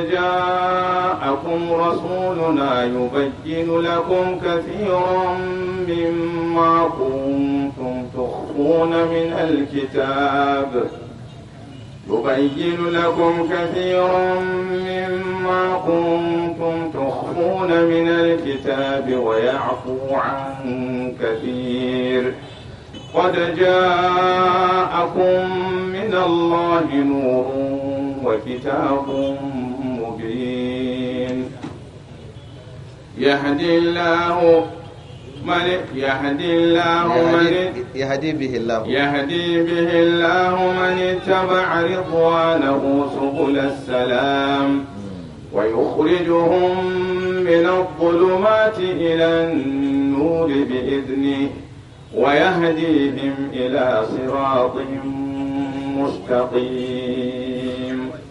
جاءكم رسولنا يبين لكم كثيرا مما كنتم تخفون من الكتاب يبين لكم كثيرا مما كنتم تخفون من الكتاب ويعفو عن كثير قد جاءكم من الله نور وكتاب الصالحين يهدي الله من يهدي الله من يهدي به الله يهدي به الله من اتبع رضوانه سبل السلام ويخرجهم من الظلمات إلى النور بإذنه ويهديهم إلى صراط مستقيم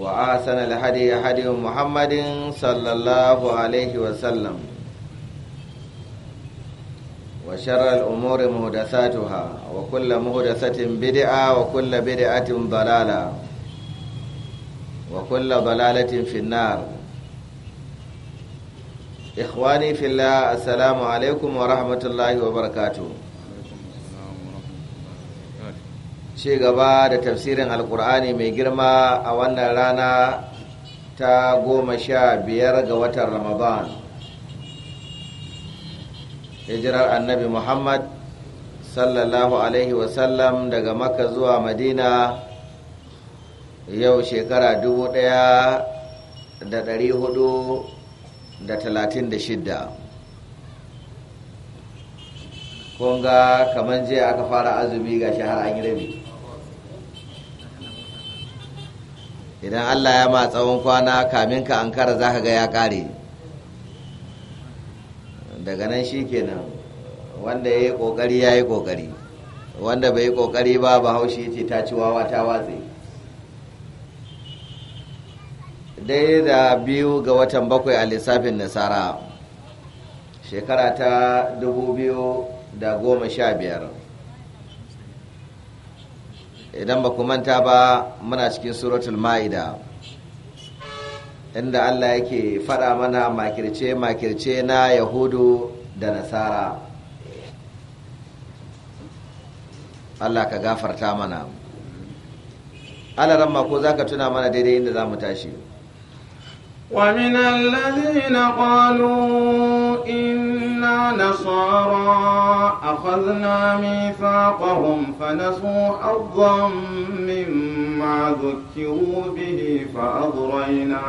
وآسن الهدي هدي محمد صلى الله عليه وسلم وشر الأمور مهدساتها وكل مهدسة بدعة وكل بدعة ضلالة وكل ضلالة في النار إخواني في الله السلام عليكم ورحمة الله وبركاته ci gaba da tafsirin alkur'ani mai girma a wannan rana ta goma sha biyar ga watan ramadan hijirar annabi muhammad sallallahu alaihi wasallam daga maka zuwa madina yau shekara dubu daya da dari hudu da talatin da shidda kunga kamar jiya aka fara azumi ga shahar an yi rabi idan allah ya ma tsawon kwana kamin ka ankara za ka ga ya kare daga nan shi kenan wanda ya yi kokari ya yi kokari wanda bai yi kokari ba bahaushe ce ta ci wawa ta watse dai da biyu ga watan bakwai a lissafin nasara shekara ta 2015 idan ba ku manta ba muna cikin suratul ma'ida inda Allah yake faɗa mana makirce makirce na yahudu da nasara Allah ka gafarta mana alaramma ko za ka tuna mana daidai inda za mu tashi ومن الذين قالوا إنا نصارى أخذنا ميثاقهم فنسوا حظا مما ذكروا به فأغرينا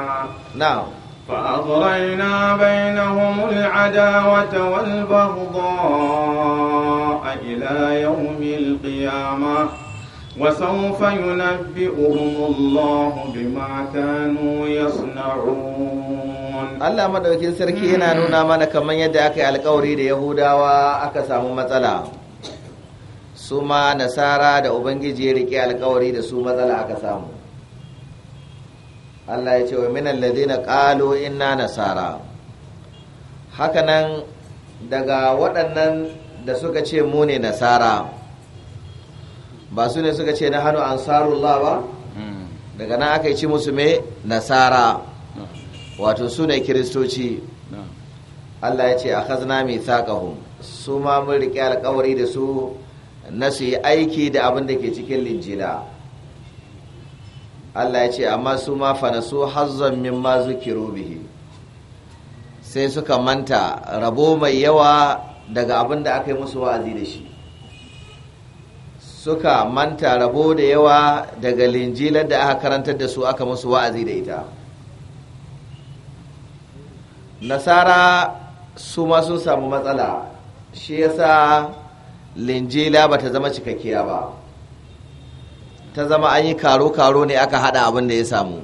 نعم فأغرينا بينهم العداوة والبغضاء إلى يوم القيامة وسوف ينبئهم الله بما كانوا Allah madaukin sarki yana nuna mana kamar yadda aka yi alkawari da Yahudawa aka samu matsala su ma nasara da ubangiji ya rike alkawari da su matsala aka samu Allah ya ce wa minan ladina qalu inna nasara hakanan daga waɗannan da suka ce mu ne nasara ba su ne suka ce na hannu ansarullah ba daga nan aka yi ci musu mai nasara wato su ne kiristoci allah ya ce a kazna mai saƙahun su ma mun riƙe alƙawari da su na su yi aiki da abin da ke cikin linjila allah ya ce amma su ma fana su hazon min ma zukiru bihi sai suka manta rabo mai yawa daga abin da aka yi musu wa'azi da shi suka manta rabo da yawa daga linjilar da aka karantar da su aka musu wa'azi da ita nasara su ma sun samu matsala shi yasa linjila ba ta zama cikakkiya ba ta zama an yi karo-karo ne aka hada abin da ya samu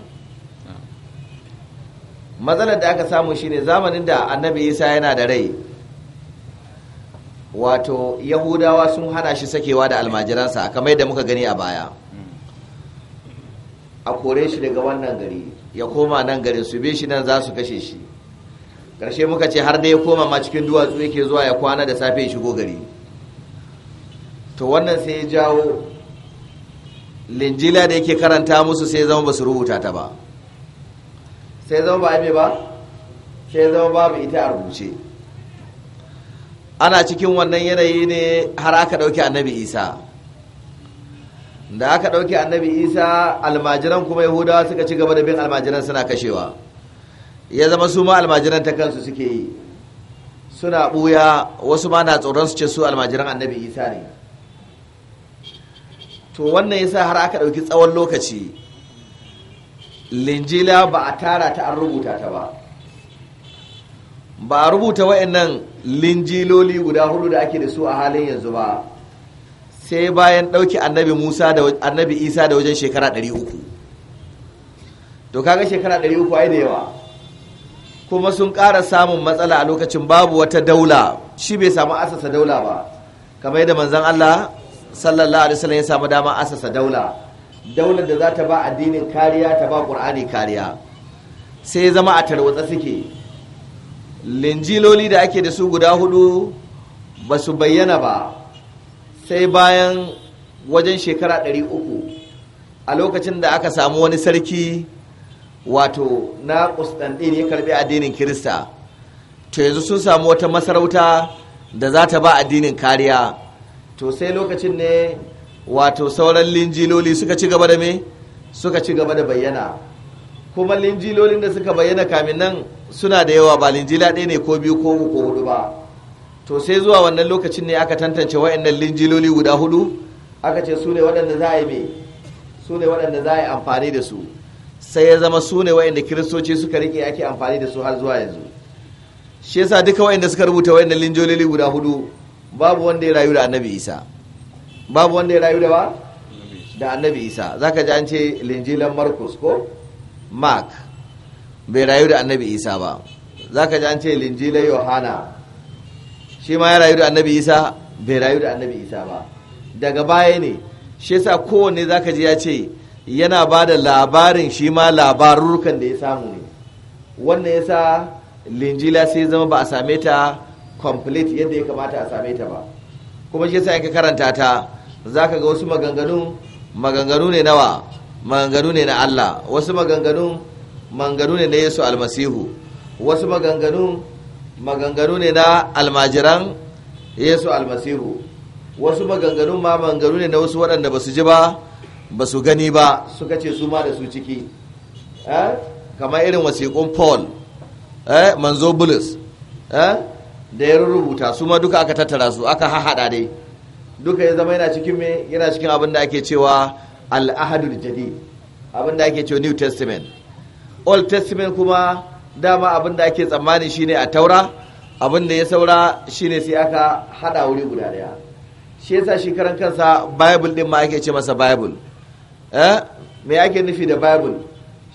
matsalar da aka samu shi ne zamanin da annabi isa yana da rai wato yahudawa sun hana shi sakewa da almajiransa kamar da muka gani a baya a kore shi daga wannan gari ya koma nan garin su bi shi nan za su kashe shi ƙarshe muka ce har dai ya koma ma cikin duwatsu yake zuwa ya kwana da safe ya shigo gari to wannan sai ya jawo linjila da yake karanta musu sai zama ba su rubuta ta ba sai zama ba ba sai zama babu ita a rubuce ana cikin wannan yanayi ne har aka ɗauki annabi isa da aka ɗauki annabi isa almajiran kuma yahudawa suka ci gaba da bin almajiran suna kashewa ya zama su ma almajiran ta kansu suke yi suna ɓuya wasu ma na tsoron su ce su almajiran annabi isa ne to wannan yasa har aka ɗauki tsawon lokaci linjila ba a tara ta an rubuta ta ba ba a rubuta wa'annan linjiloli guda hudu da ake da su a halin yanzu ba sai bayan ɗauki annabi musa da annabi isa da wajen shekara 300 to kaga shekara 300 ai da yawa kuma sun ƙara samun matsala a lokacin babu wata daula shi bai samu asasa daula ba kamar yadda manzan Allah sallallahu alaihi wasallam ya samu dama asasa daula daular da za ta ba addinin kariya ta ba ƙur'ani kariya sai zama a tarwatsa suke linjiloli da ake da su guda hudu ba su bayyana ba sai bayan wajen shekara 300 a lokacin da aka samu wani sarki wato na kustandin ya karbi addinin kirista to yanzu sun samu wata masarauta da za ta ba addinin kariya to sai lokacin ne wato sauran linjiloli suka ci gaba da me suka ci gaba da bayyana kuma linjilolin da suka bayyana kamin nan suna da yawa ba linjila ɗaya ne ko biyu ko uku ko hudu ba to sai zuwa wannan lokacin ne aka tantance wa'annan linjiloli guda hudu aka ce su ne waɗanda za a yi mai su ne waɗanda za a yi amfani da su sai ya zama su ne wa'anda kiristoci suka rike ake amfani da su har zuwa yanzu shi yasa duka wa'anda suka rubuta wa'annan linjiloli guda hudu babu wanda ya rayu da annabi isa babu wanda ya rayu da ba da annabi isa zaka ji an ce linjilan markus ko mark bai rayu da annabi isa ba za ka ji an ce linjila yohana shi ma ya rayu da annabi isa bai rayu da annabi isa ba daga baya ne shi yasa kowanne za ka ji ya ce yana ba da labarin shi ma labarurukan da ya samu ne wannan ya sa linjila sai zama ba a same ta complete yadda ya kamata a same ta ba kuma shi yasa in ka karanta ta za ka ga wasu maganganu maganganu ne nawa maganganu ne na Allah wasu maganganu manganu ne na yesu almasihu wasu maganganu maganganu ne na almajiran yesu almasihu wasu maganganu ma maganganu ne na wasu waɗanda ba su ji ba ba su gani ba suka ce su ma da su ciki eh? kamar irin wasiƙun paul eh? manzo bulus eh? da ya rubuta su ma duka aka tattara su aka hahaɗa dai duka ya zama yana cikin me yana cikin abin da ake cewa al'ahadul jadid abin da ake cewa new testament old testament kuma dama abin da ake tsammani shine a taura abin da ya saura shine sai aka hada wuri guda daya shi yasa shi karan kansa bible din ma ake ce masa bible eh me ake nufi da bible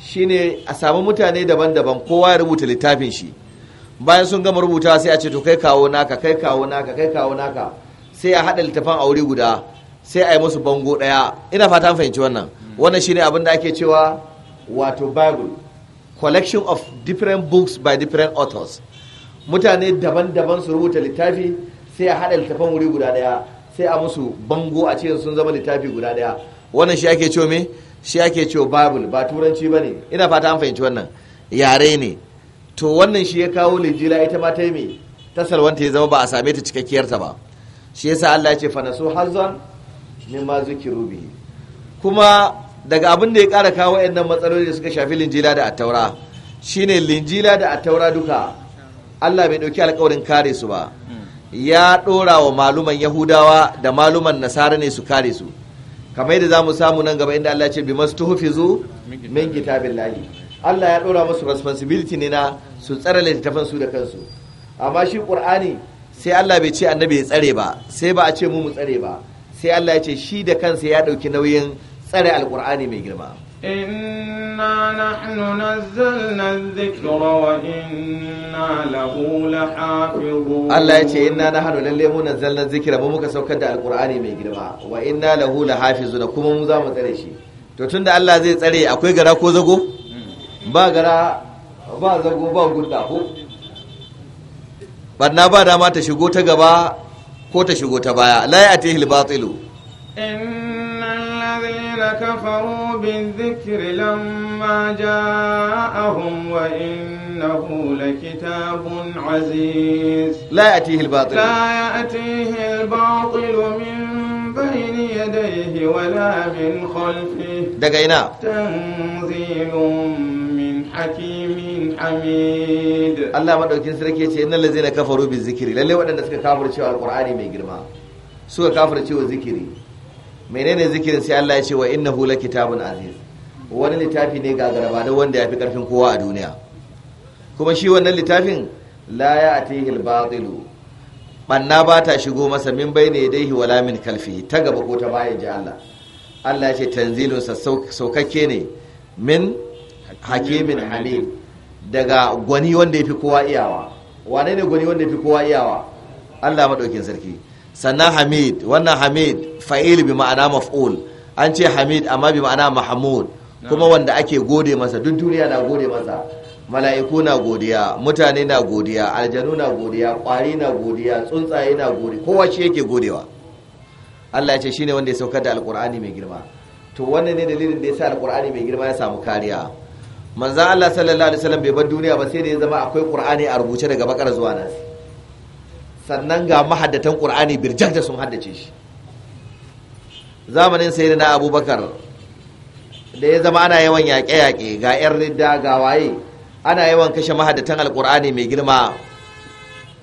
shine a samu mutane daban-daban kowa ya rubuta littafin shi bayan sun gama rubutawa sai a ce to kai kawo naka kai kawo naka kai kawo naka sai a hada littafin a wuri guda sai a yi musu bango daya ina fata fahimci wannan wannan shine abin da ake cewa wato bible collection of different books by different authors mutane daban-daban su rubuta littafi sai a haɗa littafan wuri guda ɗaya sai a musu bango a cikin sun zama littafi guda ɗaya wannan shi ake cewa me shi ake cewa bible ba turanci ba ne ina fata an fahimci wannan yare ne to wannan shi ya kawo lijila ita ma ta yi ta salwanta ya zama ba a same ta cikakkiyarta ba shi yasa Allah ya ce fanasu hazan mimma zukiru rubi. kuma daga abin da ya kara kawo 'yannan matsaloli da suka shafi linjila da attaura shine linjila da attaura duka Allah bai ɗauki alƙawarin kare su ba ya ɗora wa maluman yahudawa da maluman nasara ne su kare su kamar yadda zamu samu nan gaba inda Allah ce bi mastuhfizu min kitabillahi Allah ya ɗora musu responsibility ne na su tsare littafin su da kansu amma shi ƙur'ani sai Allah bai ce annabi ya tsare ba sai ba a ce mu mu tsare ba sai Allah ya ce shi da kansa ya ɗauki nauyin tsare alkur'ani mai girma inna nahnu nazzalna adh-dhikra wa inna lahu lahafizun Allah ya ce inna nahnu lalle mu nazzalna dhikra ba muka saukar da alkur'ani mai girma wa inna lahu lahafizun kuma mu za mu tsare shi to tunda Allah zai tsare akwai gara ko zago ba gara ba zago ba gudda ko barna ba dama ta shigo ta gaba ko ta shigo ta baya la ya atihil batilu كفروا بالذكر لما جاءهم وإنه لكتاب عزيز لا يأتيه الباطل لا يأتيه الباطل من بين يديه ولا من خلفه دقينا تنزيل من حكيم حميد الله مدوكين سركي يتي إن الذين كفروا بالذكر للي ودن سكا كافر شوى القرآن ميقرما سوى كافر شوى ذكري menene zikirin sai Allah ya ce wa innahu kitabun aziz wani littafi ne ga garaba da wanda ya fi karfin kowa a duniya kuma shi wannan littafin la ya atihil batilu banna ba ta shigo masa min bayne dai wala min kalfi ta gaba ko ta baya ji Allah Allah ya ce tanzilun sa saukakke ne min hakimin hamid daga gwani wanda ya fi kowa iyawa wane ne gwani wanda ya fi kowa iyawa Allah madaukin sarki sannan hamid wannan hamid fa'il bi ma'ana maf'ul an ce hamid amma bi ma'ana mahmud kuma wanda ake gode masa duk duniya na gode masa mala'iku na godiya mutane na godiya aljanu na godiya kwari na godiya tsuntsaye na godiya kowa shi yake godewa Allah ya ce shine wanda ya sauka da alqur'ani mai girma to wannan ne dalilin da ya sa alkur'ani mai girma ya samu kariya manzo Allah sallallahu alaihi wasallam bai bar duniya ba sai da ya zama akwai qur'ani a rubuce daga bakar zuwa nasi sannan ga mahaddatan ƙur'ani birjak sun haddace shi zamanin sai na abubakar da ya zama ana yawan yaƙe-yaƙe ga 'yan ridda ga waye ana yawan kashe mahaddatan alƙur'ani mai girma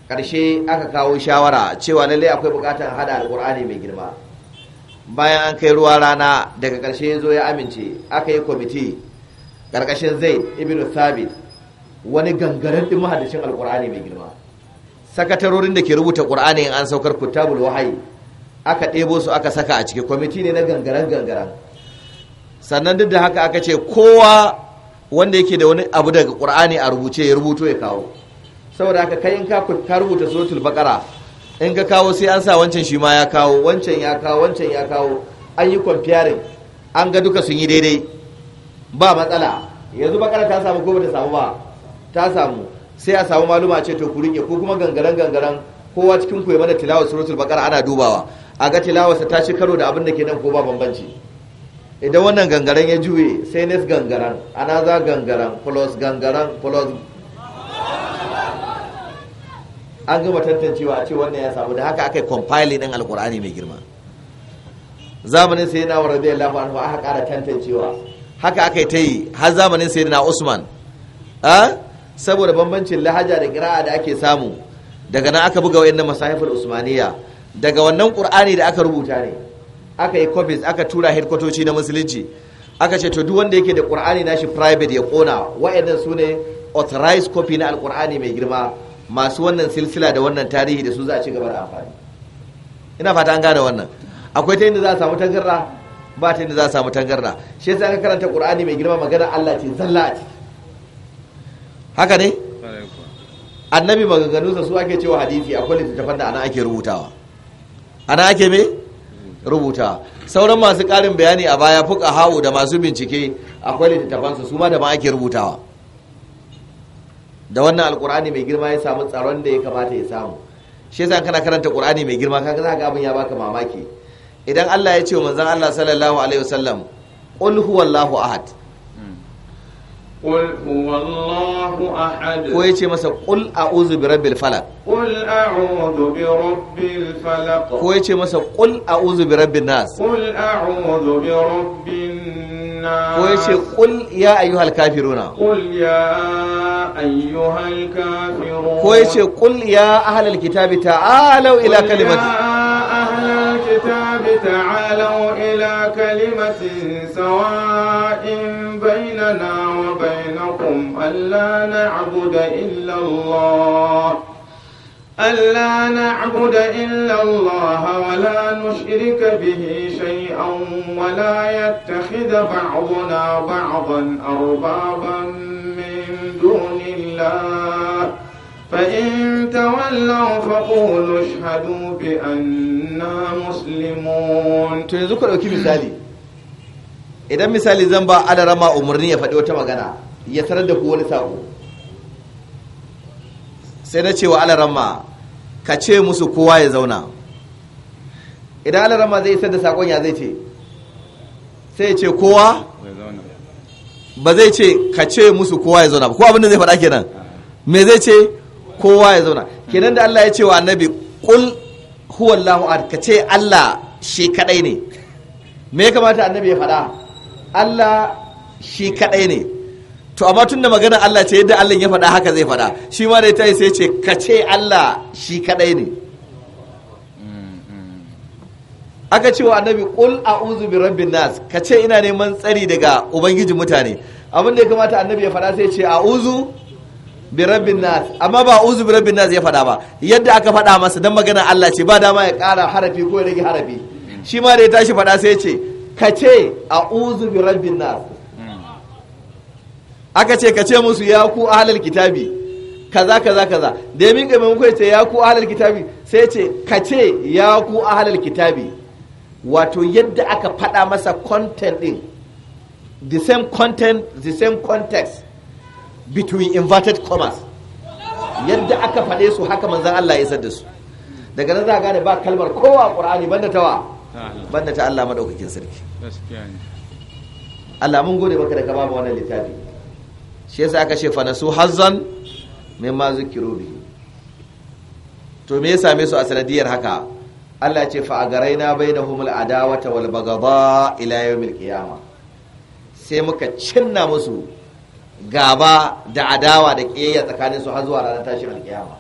ƙarshe aka kawo shawara cewa lallai akwai buƙatar hada alƙur'ani mai girma bayan an kai ruwa rana daga ƙarshe ya zo ya amince aka yi kwamiti ƙarƙashin zai ibn thabit wani gangaren ɗin mahaddacin alƙur'ani mai girma sakatarorin da ke rubuta ƙur'ani in an saukar kutabul wahayi aka ɗebo su aka saka a ciki kwamiti ne na gangaren gangaren sannan duk da haka aka ce kowa wanda yake da wani abu daga ƙur'ani a rubuce ya rubuto ya kawo saboda haka kai ka ka rubuta suratul baqara in ka kawo sai an sa wancan shi ma ya kawo wancan ya kawo wancan ya kawo an yi kwamfiyarin, an ga duka sun yi daidai ba matsala yanzu baqara ta samu ko bata samu ba ta samu sai a samu maluma ce to ku rike ko kuma gangaren gangaren kowa cikin ku ya mana tilawar suratul baqara ana dubawa a ga tilawarsa ta ci karo da abin da ke nan ko ba bambanci idan wannan gangaren ya juye sai nes gangaren za gangaren plus gangaren plus an gama tantancewa a ce wannan ya samu da haka aka yi compiling din alkur'ani mai girma zamanin sai na warar da lafa an aka kara tantancewa haka aka yi ta yi har zamanin sai na usman ah? saboda bambancin lahaja da kira'a da ake samu daga nan aka buga wayannan masahifar usmaniya daga wannan qur'ani da aka rubuta ne aka yi copies aka tura headquarters na musulunci aka ce to duk wanda yake da qur'ani nashi private ya kona wayannan sune authorized copy na alqur'ani mai girma masu wannan silsila da wannan tarihi da su za a ci gaba da amfani ina fata an gane wannan akwai ta yadda za a samu tangarra ba ta yadda za a samu tangarra shi yasa aka karanta qur'ani mai girma magana Allah ce zalla a ciki haka ne annabi maganganunsa su ake cewa hadisi akwai littattafan da ana ake rubutawa ana ake me rubuta sauran masu karin bayani a baya fuka hau da masu bincike akwai littattafansa su ma da ma ake rubutawa da wannan alkur'ani mai girma ya samu tsaron da ya kamata ya samu shi yasa kana karanta qur'ani mai girma kaga za ka abin ya baka mamaki idan Allah ya ce wa manzon Allah sallallahu alaihi wasallam qul huwallahu ahad قل هو الله أحد ko masa qul a'udhu bi rabbil falaq qul a'udhu bi rabbil falaq ko masa qul a'udhu bi rabbin nas qul a'udhu bi rabbin nas ko yace qul ya ayyuhal kafiruna qul ya ayyuhal kafirun ko ya ahlal kitabi ta'alu ila kalimati الكتاب تعالوا إلى كلمة سواء بيننا وبينكم ألا نعبد إلا الله ألا نعبد إلا الله ولا نشرك به شيئا ولا يتخذ بعضنا بعضا أربابا من دون الله فإن تولوا فقولوا اشهدوا بأننا مسلمون تذكر أكيد مثالي idan misali zan ba alarama umarni ya faɗi wata magana ya tarar da ku wani saƙo sai na cewa alarama ka ce musu kowa ya zauna idan alarama zai isar da saƙon ya zai ce sai ya ce kowa ba zai ce ka ce musu kowa ya zauna ba kowa abinda zai faɗa kenan me zai ce kowa ya zauna kenan da Allah ya ce wa annabi kul huwallahu ka ce Allah shi kadai ne me ya kamata annabi ya faɗa Allah shi kaɗai ne to amma tun da magana Allah ce yadda Allah ya faɗa haka zai faɗa shi ma dai ta yi sai ce ka ce Allah shi kaɗai ne aka ce wa annabi a uzu bi rabbin nas ka ce ina neman tsari daga ubangijin mutane abin da ya kamata annabi ya faɗa sai ce uzu bi rabbin nas amma ba uzu bi rabbin nas ya faɗa ba yadda aka faɗa masa dan magana Allah ce ba dama ya ƙara harafi ko ya rage harafi shi ma da ya tashi faɗa sai ce ka ce a uzu bi rabbin nas aka ce ka ce musu ya ku ahlal kitabi kaza kaza kaza da ya miƙa ya ce ya ku ahlal kitabi sai ce ka ce ya ku ahlal kitabi wato yadda aka faɗa masa content din the same content the same context between inverted commas yadda aka faɗe su haka manzan Allah ya isar da su daga nan za a gane ba kalmar kowa ƙur'ani banda tawa banda ta Allah madaukakin sarki Allah mun gode maka da ka bamu wannan littafi shi yasa aka ce fa nasu hazzan ma zikiru bi to me ya same su a sanadiyar haka Allah ce fa agaraina bainahumul adawata wal baghdha ila yawmil qiyama sai muka cinna musu gaba da adawa da kiyayya su har zuwa ranar tashin alkiyama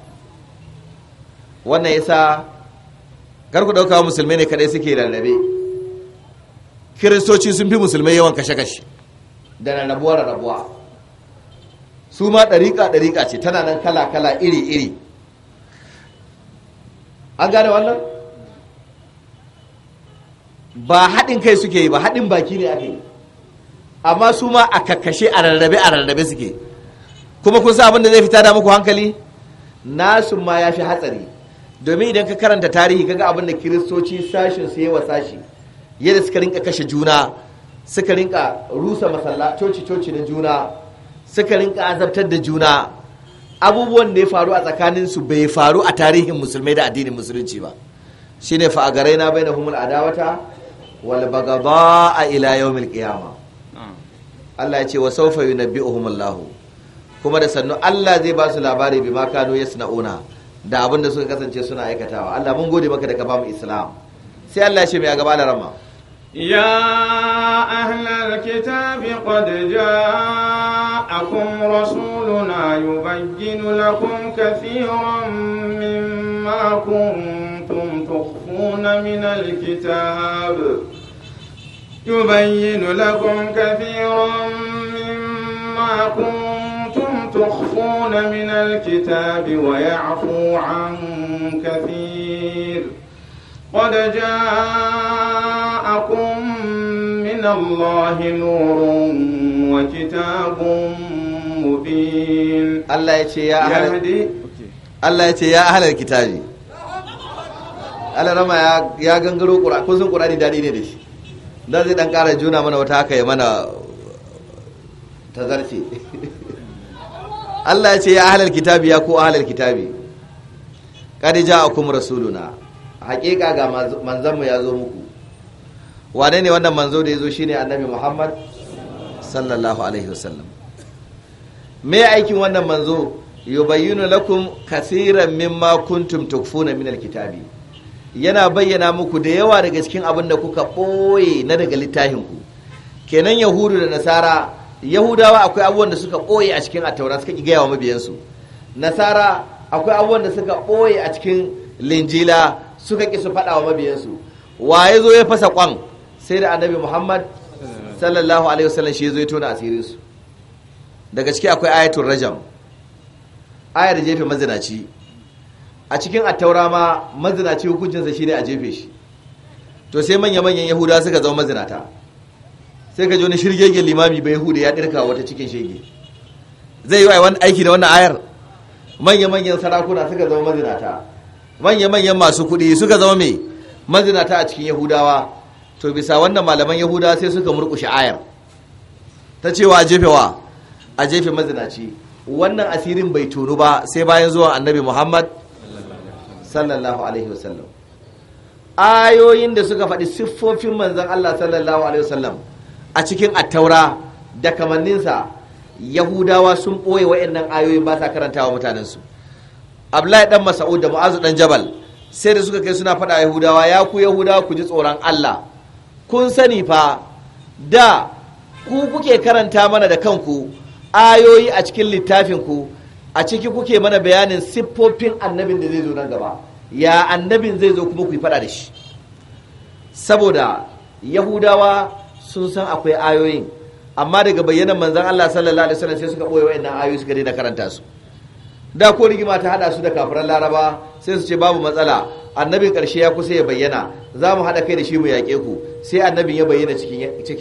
wannan yasa kar ku musulmai ne kadai suke rarrabe kiristoci sun fi musulmai yawan kashe-kashe da rarrabuwa-rarrabuwa su ma ɗariƙa-ɗariƙa ce tana nan kala-kala iri-iri an gane wannan ba haɗin kai suke yi ba haɗin baki ne ake yi amma su ma a kakkashe a rarrabe a rarrabe suke kuma kun sa abin da zai fita da muku hankali nasu ma ya fi hatsari domin idan ka karanta tarihi kaga abin da kiristoci sashin su yawa sashi yadda suka rinka kashe juna suka rinka rusa masalla coci coci na juna suka rinka azabtar da juna abubuwan da ya faru a tsakanin su bai faru a tarihin musulmai da addinin musulunci ba shine fa a garai na bai na humul adawata wal bagaba a ila yawmil qiyama Allah ya ce wa sawfa na Allah kuma da sannu Allah zai ba su labari makano ya suna'una da abin da suka kasance suna aikatawa Allah mun gode maka da ka bamu islam sai Allah shi mai gaba da rama ya ahlal kitabi qad ja'akum rasuluna yubayyinu lakum kathiran mimma kuntum tukhfuna min alkitab yubayyinu lakum kathiran mimma kuntum تخفون من الكتاب ويعفو عن كثير قد جاءكم من الله نور وكتاب مبين الله يتي يا أهل الله يتي يا أهل الكتاب Allah rama ya gangaro ƙura kun san ƙura ne ne da shi da zai dan kara juna mana wata haka ya mana tazarci Allah ya ce ya ahalar kitabi ya ko ahalar kitabi a kuma rasuluna haƙiƙa ga manzanmu ya zo muku wane ne wannan manzo da ya zo shi ne annabi Muhammad sallallahu alaihi wasallam me aikin wannan manzo bayyana lakum kasiran mimma kuntum tukfuna min kitabi. yana bayyana muku da yawa daga cikin abin da kuka ɓoye na daga littafin ku kenan yahudu da nasara yahudawa akwai abubuwan da suka ɓoye a cikin attaura suka ƙi gaya wa mabiyansu nasara akwai abubuwan da suka ɓoye a cikin linjila suka ƙi su faɗa wa mabiyansu wa ya zo ya fasa ƙwan sai da annabi muhammad sallallahu alaihi wasallam shi ya zo ya tona asirinsu daga ciki akwai ayatul rajam ayar jefe mazinaci a cikin attaura ma mazinaci hukuncinsa shine a jefe shi to sai manya-manyan yahudawa suka zama mazinata sai ka ji wani shirgegen limami bai hude ya dirka wata cikin shege zai yi wani aiki da wannan ayar manya-manyan sarakuna suka zama mazinata manya-manyan masu kuɗi suka zama mai mazinata a cikin yahudawa to bisa wannan malaman yahudawa sai suka murkushe ayar ta cewa a jefewa a jefe mazinaci wannan asirin bai tonu ba sai bayan zuwa annabi muhammad sallallahu alaihi wasallam ayoyin da suka faɗi siffofin manzan allah sallallahu alaihi wasallam a cikin attaura da kamanninsa yahudawa sun ɓoye wa'annan ayoyin ba sa karantawa mutanensu abdullahi dan masa'ud da mu'azu dan jabal sai da suka kai suna faɗa yahudawa ya ku yahudawa ku ji tsoron allah kun sani fa da ku kuke karanta mana da kanku ayoyi a cikin littafinku a ciki kuke mana bayanin siffofin annabin da zai zo nan gaba ya annabin zai zo kuma ku yi faɗa da shi saboda yahudawa sun san akwai ayoyin amma daga bayyanar manzan Allah sallallahu alaihi wasallam sai suka boye wayannan ayoyi suka daina karanta su da ko rigima ta hada su da kafiran laraba sai su ce babu matsala annabin karshe ya kusa ya bayyana za mu haɗa kai da shi mu yaƙe ku sai annabin ya bayyana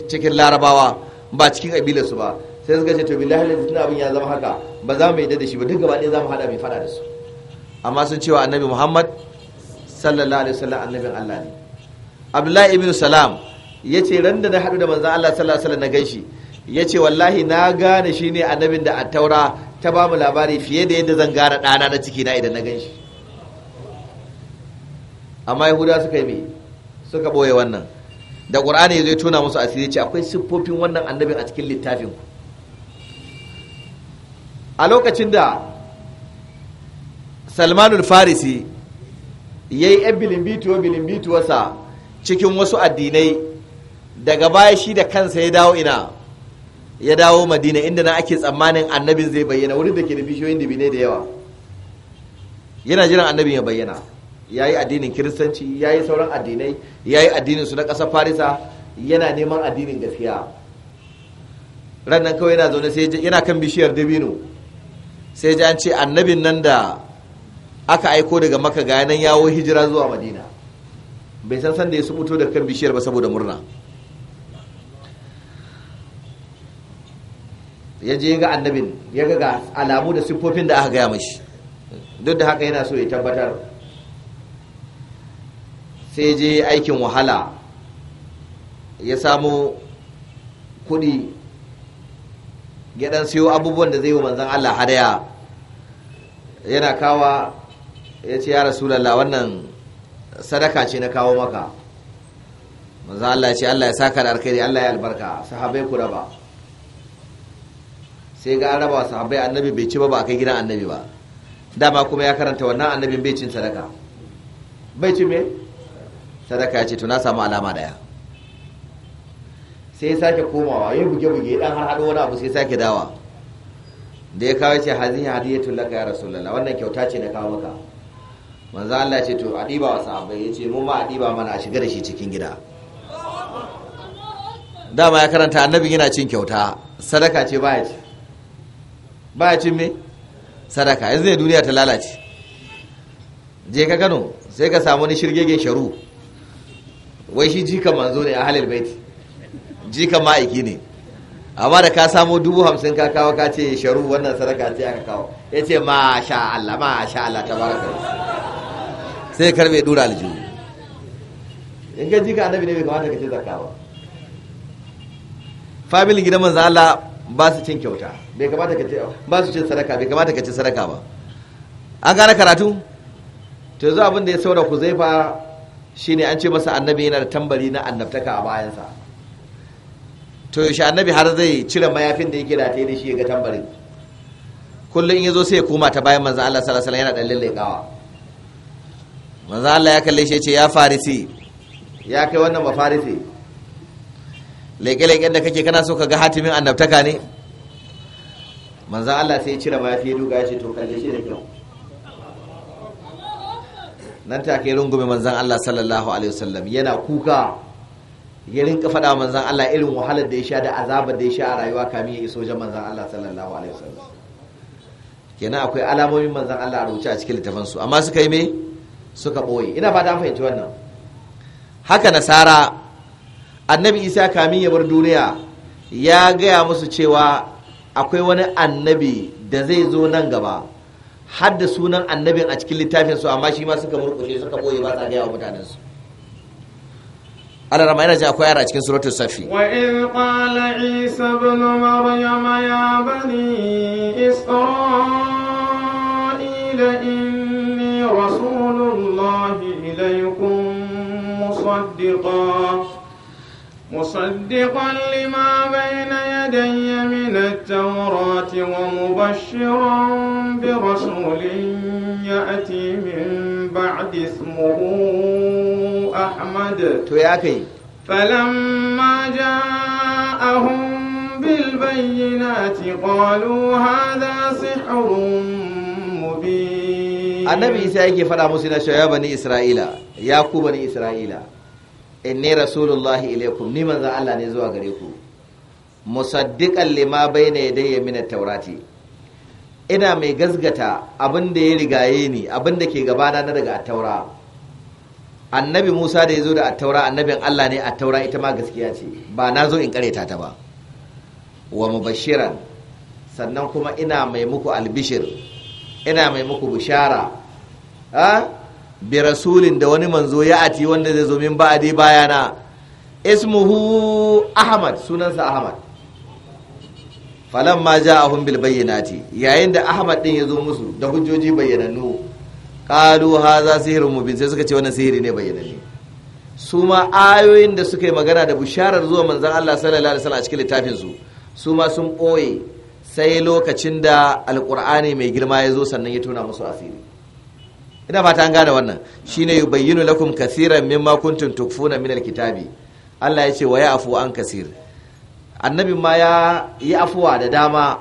cikin larabawa ba cikin ƙabilar su ba sai suka ce to billahi la ilaha abin ya zama haka ba za mu yadda da shi ba duk gaba ɗaya za mu haɗa mai faɗa da su amma sun cewa annabi muhammad sallallahu alaihi wasallam annabin allah ne abdullahi ibn salam ya ce ran da na haɗu da manzan Allah sallallahu alaihi na ganshi ya ce wallahi na gane shi ne annabin da a taura ta ba mu labari fiye da yadda zan gane ɗana na ciki na idan na ganshi amma yahuda suka yi mai suka ɓoye wannan da ƙur'ani ya zai tona musu asiri ce akwai siffofin wannan annabin a cikin littafin a lokacin da salmanul farisi ya yi 'yan e bilimbituwa bilimbituwarsa cikin wasu addinai daga baya shi da kansa ya dawo ina ya dawo madina inda na ake tsammanin annabin zai bayyana wurin da ke da bishiyoyin dibine da yawa yana jiran annabin ya bayyana ya yi addinin kiristanci ya yi sauran addinai ya yi addinin su na ƙasar farisa yana neman addinin gaskiya nan kawai yana zaune sai yana kan bishiyar dabino sai ji an ce annabin nan da aka aiko daga maka ga nan yawo hijira zuwa madina bai san sanda da ya fito da kan bishiyar ba saboda murna ya je ga annabin ya ga alamu da siffofin da aka gaya mashi duk da haka yana so ya tabbatar sai je aikin wahala ya samu kudi gidan siyo abubuwan da zai yi manzan Allah hadaya yana kawa ya ce ya rasulallah wannan sadaka ce na kawo maka manzan Allah ya ce Allah ya saka da alkhairi Allah ya albarka sahabai ku raba sai ga an raba wasu abai annabi bai ci ba ba kai gidan annabi ba dama kuma ya karanta wannan annabin bai cin sadaka bai ci me sadaka ya ce to na samu alama daya sai sake komawa ya buge-buge dan har haɗo wani abu sai sake dawa da ya kawo ce hazihi tun laka ya rasulullah wannan kyauta ce na kawo maka manzo Allah ce to a diba abai ya ce mu ma a diba mana a shiga da shi cikin gida dama ya karanta annabi yana cin kyauta sadaka ce baya ce baya cin me sadaka yanzu ne duniya ta lalace je ka kano sai ka samu wani shirgegen sharu wai shi jika manzo ne a halil baiti jika ma'aiki ne amma da ka samo dubu hamsin ka kawo ka ce sharu wannan sadaka ce aka kawo ya ce ma sha Allah ma sha Allah ta baraka sai karbe dura aljihu in ka jika annabi ne bai kamata ka ce zakawa famili gidan manzo Allah ba su cin kyauta ba su ce sadaka bai kamata ka ci sadaka ba an gane karatu to zuwa abin da ya saura ku zai fa shine an ce masa annabi yana da tambari na annabtaka a bayansa to yaushe annabi har zai cire mayafin da yake da ta da shi ga tambarin kullum in ya zo sai ya koma ta bayan manzan Allah sallallahu alaihi yana dan lallekawa manzan Allah ya kalle shi ya ce ya farisi ya kai wannan mafarisi leke-leken da kake kana so ka ga hatimin annabtaka ne manzan Allah sai cire ma ya duga ya ce to kalle shi da kyau nan ta take rungume manzan Allah sallallahu alaihi wasallam yana kuka ya rinka faɗa manzan Allah irin wahalar da ya sha da azabar da ya sha a rayuwa kamin ya iso jan manzan Allah sallallahu alaihi wasallam kenan akwai alamomin manzan Allah a rubuce a cikin littafin su amma suka yi me suka boye ina fata an fahimci wannan haka nasara annabi isa kamin ya bar duniya ya gaya musu cewa akwai wani annabi da zai zo nan gaba hadda sunan annabin a cikin littafinsu amma shi ma suka murkushe suka boye ba sa gaya wa mutanensu ana rama yana ji akwai yara cikin suratul safi wa in qala isa ibn maryam ya bani isra'ila inni rasulullahi ilaykum musaddiqan مصدقا لما بين يدي من التوراة ومبشرا برسول يأتي من بعد اسمه أحمد فلما جاءهم بالبينات قالوا هذا سحر مبين النبي إسحاق فدا مسنا شعيا بني إسرائيل يا بني إسرائيل inni rasulullahi ilaikum ni manzan Allah ne zuwa gare ku musaddiqan lima bayna yaday min at-taurati ina mai gazgata abin da ya rigaye ni abin da ke gabana na daga at-taura annabi Musa da yazo da at-taura annabin Allah ne at-taura ita ma gaskiya ce ba na zo in kareta ta ba wa mubashiran sannan kuma ina mai muku albishir ina mai muku bishara ha ah? bi rasulin da wani manzo ya ati wanda zai zo min ba ba'adi bayana ismuhu ahmad sunansa ahmad falan ma ja'ahum bayyana bayyinati yayin da ahmad din ya zo musu da hujjoji bayyanannu qalu hadha sihrun mubin sai suka ce wannan sihiri ne bayyananne su ma ayoyin da suka yi magana da bisharar zuwa manzan Allah sallallahu alaihi wasallam a cikin littafin su ma sun ɓoye sai lokacin da Alƙur'ani mai girma ya zo sannan ya tona musu asiri ina fata an gane wannan shine yubayyinu lakum kaseeran mimma kuntum tukfuna min alkitabi Allah ya ce wa ya'fu an kasir annabi ma ya yi afuwa da dama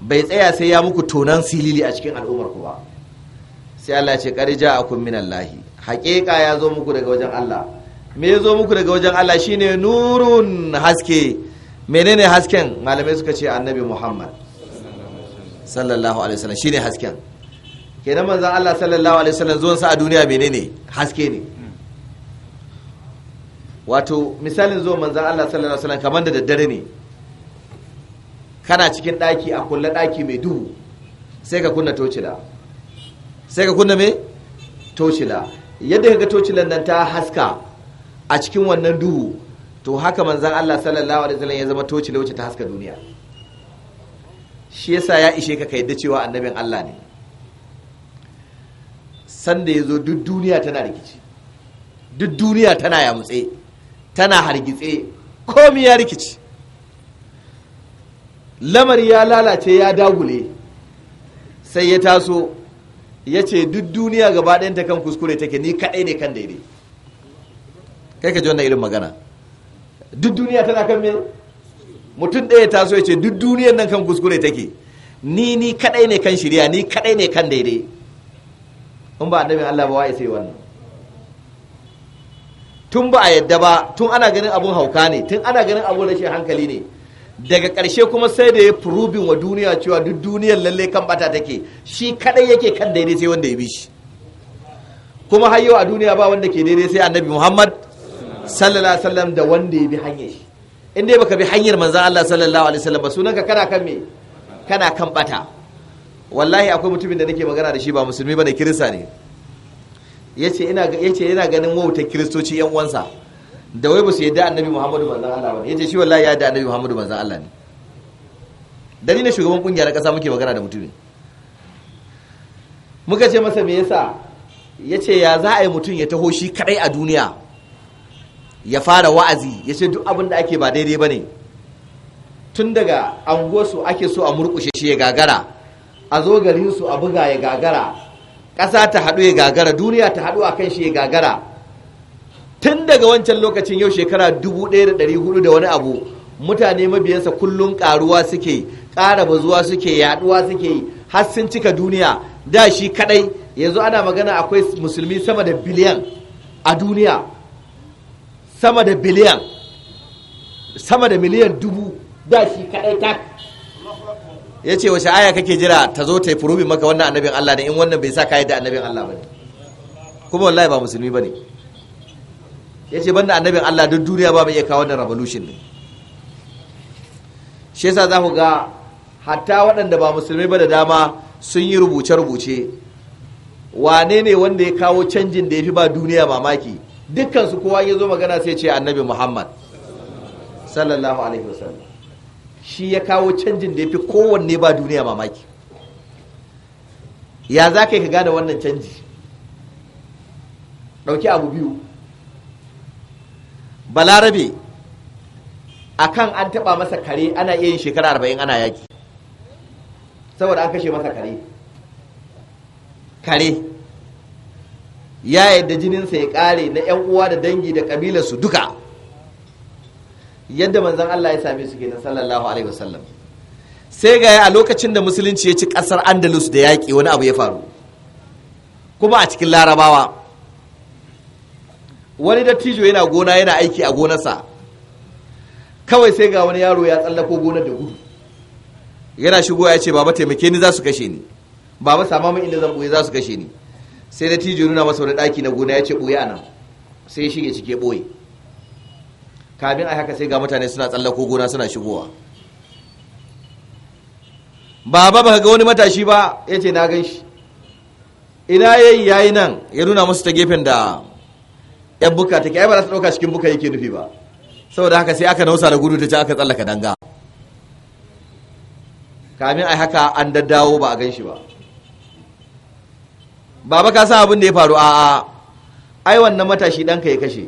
bai tsaya sai ya muku tonan silili a cikin al'ummar ku ba sai Allah ya ce qarija akum min allahi haqiqa ya zo muku daga wajen Allah me ya zo muku daga wajen Allah shine nurun haske menene hasken malamai suka ce annabi Muhammad sallallahu alaihi wasallam shine hasken kenan manzan Allah sallallahu alaihi wasallam zuwan sa a duniya menene haske ne wato misalin zuwan manzan Allah sallallahu alaihi wasallam kamar da daddare ne kana cikin daki a kulla daki mai duhu sai ka kunna tocila sai ka kunna me tocila yadda ga tocilan nan ta haska a cikin wannan duhu to haka manzan Allah sallallahu alaihi wasallam ya zama tocila wacce ta haska duniya shi yasa ya ishe ka kai da cewa annabin Allah ne sanda ya zo duk duniya tana rikici duk duniya tana yamutse tana hargitse komi ya rikici lamari ya lalace ya dagule sai ya taso ya ce duk duniya gaba ɗayanta kan kuskure take ni kaɗai ne kan daidai kai ka ji wannan irin magana duk duniya tana kan me mutum ɗaya taso ya ce duk duniyar nan kan kuskure take ni ni kaɗai ne kan shirya ni kaɗai ne kan daidai in ba annabin Allah ba waye sai wannan tun ba a yadda ba tun ana ganin abun hauka ne tun ana ganin abun rashin hankali ne daga ƙarshe kuma sai da ya furubin wa duniya cewa duk duniyar lalle kan bata take shi kadai yake kan daidai sai wanda ya bi shi kuma har yau a duniya ba wanda ke daidai sai annabi Muhammad sallallahu alaihi wasallam da wanda ya bi hanyar shi in dai baka bi hanyar manzon Allah sallallahu alaihi wasallam ba sunanka kana kan me kana kan bata wallahi akwai mutumin da nake magana da shi ba musulmi bane kirista ne yace ina yace yana ganin wautar kiristoci yan uwansa da wai ba su yadda annabi muhammadu manzon Allah ba yace shi wallahi ya da annabi muhammadu manzon Allah ne dani shugaban kungiyar kasa muke magana da mutumin muka ce masa me yasa yace ya za a yi mutum ya taho shi kadai a duniya ya fara wa'azi yace duk abin da ake ba daidai bane tun daga anguwarsu ake so a murkushe shi ya gagara a zo garinsu a buga ya gagara ƙasa ta haɗu ya gagara duniya ta haɗu a kan shi ya gagara tun daga wancan lokacin yau shekara 1400 da wani abu mutane mabiyansa kullum ƙaruwa suke ƙara bazuwa suke yaɗuwa suke har sun cika duniya da shi kaɗai yanzu ana magana akwai musulmi sama da biliyan a duniya sama da biliyan sama da miliyan dubu da shi kaɗai tak ya ce wace aya kake jira ta zo ta yi furubi maka wannan annabin Allah ne in wannan bai sa ka da annabin Allah ba ne kuma wallahi ba musulmi ba ne ya ce banda annabin Allah duk duniya ba mai iya kawo wannan revolution ne shi yasa za ku ga hatta waɗanda ba musulmi ba da dama sun yi rubuce-rubuce wane ne wanda ya kawo canjin da ya fi ba duniya mamaki dukkan su kowa ya zo magana sai ce annabi muhammad sallallahu alaihi wasallam shi ya kawo canjin da ya fi kowanne ba duniya mamaki ya za ka yi ka gane wannan canji ɗauki abu biyu balarabe a kan an taɓa masa kare ana iya yin shekara arba'in ana yaki saboda an kashe masa kare kare ya yadda jininsa ya ƙare na 'yan uwa da dangi da ƙabilarsu duka yadda manzan Allah ya same su kenan sallallahu alaihi wasallam sai ga a lokacin da musulunci ya ci kasar Andalus da yaƙi wani abu ya faru kuma a cikin larabawa wani dattijo yana gona yana aiki a gonarsa kawai sai ga wani yaro ya tsallako gonar da gudu yana shigo ya ce baba taimake ni za su kashe ni baba sama inda zan ɓoye za su kashe ni sai dattijo nuna masa wani ɗaki na gona ya ce ɓoye a nan sai ya shige cike ɓoye kamin a haka sai ga mutane suna tsallako gona suna shigowa baba ba ga wani matashi ba ya ce na gan shi ina yi yayi nan ya nuna musu ta gefen da yan buka take ai ba za ta dauka cikin buka yake nufi ba saboda haka sai aka nausa da gudu ta ce aka tsallaka danga kamin ai haka an daddawo ba a gan shi ba baba ka sa abin da ya faru a'a ai wannan matashi ɗanka ya kashe